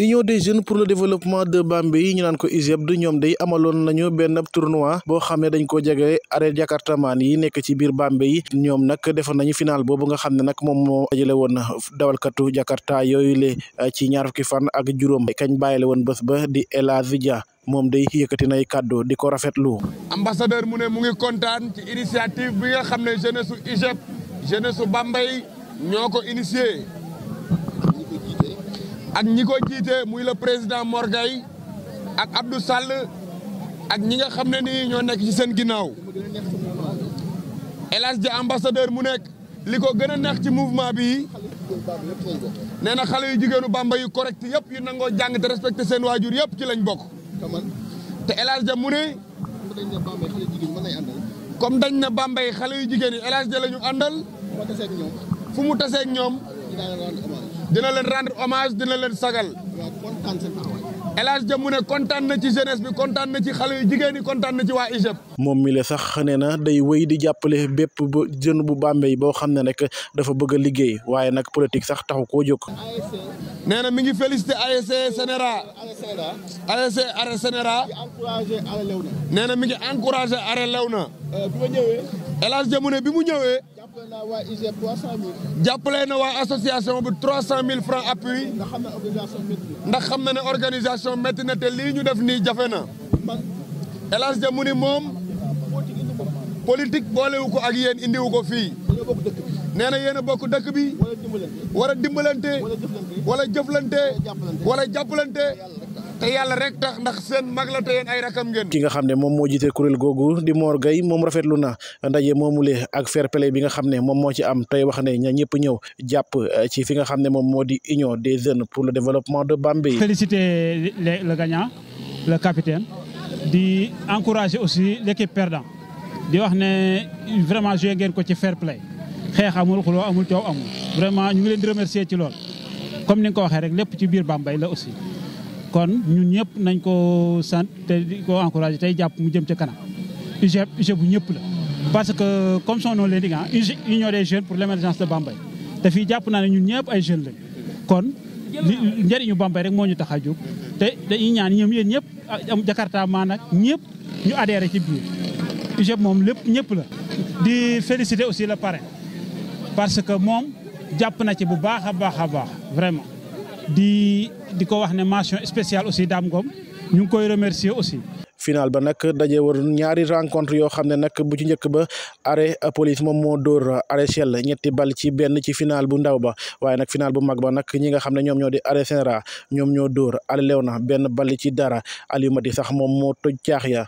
Union des jeunes pour le développement de Bambey ñu naan ko UJEB ñoom day amaloon nañu benn tournoi boo xam ne dañ ko jege arène Jakartaman yi nekk ci biir Bambey ñoom nag defoon nañu final boobu nga xam ne nag moom moo dajale dawalkatu Jakarta yooyu eh, ci ñaar fukki fan ak juróom kañ bàyyile woon bés ba di El Hadji Dia day yëkkati nay kàddu di ko rafetlu. ambassadeur mu ne mu ngi kontaan ci initiative bi nga xam ne jeunesse su UJEB jeunesse su Bambey ñoo ko ak ñi ko jiite muy la président Mor Gueye ak Abdou Sall ak ñi nga xam ne ni ñoo nekk ci seen ginnaaw El Hadj ambassadeur mu nekk li ko gën a neex ci mouvement bi nee na xale yu jigéenu Bamba yu correct yëpp yu nangoo jàng te respecté seen waajur yëpp ci lañ bokk te El Hadj mu ne comme dañ na Bambey xale yu jigéen yi El Hadj lañu àndal fu mu taseeg ñoom dina leen rendre hommage dina leen sagal. El Hadj Dia kontaan na ci jeunesse bi kontaan na ci xale yu jigéen yi kontaan na ci waa ISEP. moom mi le sax nee na day wéy di jàppale bépp ba jën bu Bambey boo xam ne rek dafa bëgg a liggéey waaye nag politique sax taxu koo jóg. nee na mi ngi félicité ASC Sénéra ASC Arrêt na mi ngi encouragé Arrêt Léona. Euh, bi ma ñëwee. bi mu ñëwee. jàppale na waa association bu 300000 francs appui ndax xam na ne organisation métti na te lii ñu def nii jafe na El Hadj Dia mu ni moom politique boolewu ko ak yéen indiwu ko fii nee na yéen a bokk dëkk bi war a dimbalante wala jëflante wala jàppalante te yàlla rek tax ndax seen mag la te yéen ay rakam ngeen. ki nga xam ne moom moo jiite kuréel googu di Mor Gueye moom rafetlu na ndaje moomule ak fair play bi nga xam ne moom moo ci am tey wax ne ña ñëpp ñëw jàpp eh, ci fi nga xam ne moom moo di union des jeunes pour le développement de Bambey. féliciter le gagnant le capitaine di encourager aussi l'équipe perdant di wax ne vraiment joué ngeen ko ci fair play xeex amul xuloo amul coow amul vraiment ñu ngi leen di remercier ci lool comme ni nga ko waxee rek lépp ci biir Bambey la aussi. kon ñun ñëpp nañ ko sant te di ko encouragé tey jàpp mu jëm ca kanam UGEP UGEP bu ñëpp la parce que comme son nom l'indique union des jeunes pour l'émergence de Bambey te fii jàpp naa ne ñun ñëpp ay jeune lañ kon li njëriñu Bambey rek moo ñu tax a jóg te dañuy ñaan ñoom yéen ñëpp ah, am Jakarta maa nag ñëpp ñu adhéré ci biir UGEP moom lépp ñëpp la di féliciter aussi le parrain parce que moom jàpp na ci bu baax baax a baax vraiment di di ko wax ne mention spéciale aussi Dame Ngom ñu ngi koy remercier aussi. final ba nag daje woon ñaari rencontre yoo xam ne nag bu ci njëkk ba arrêt police moom moo dóor arrêt Shell ñetti bal ci benn ci final bu ndaw ba waaye nag final bu mag ba nag ñi nga xam ne ñoom ñoo di arrêt Senra ñoom ñoo door ale lew na benn bal ci dara Aliou Mati sax moom moo toj caax ya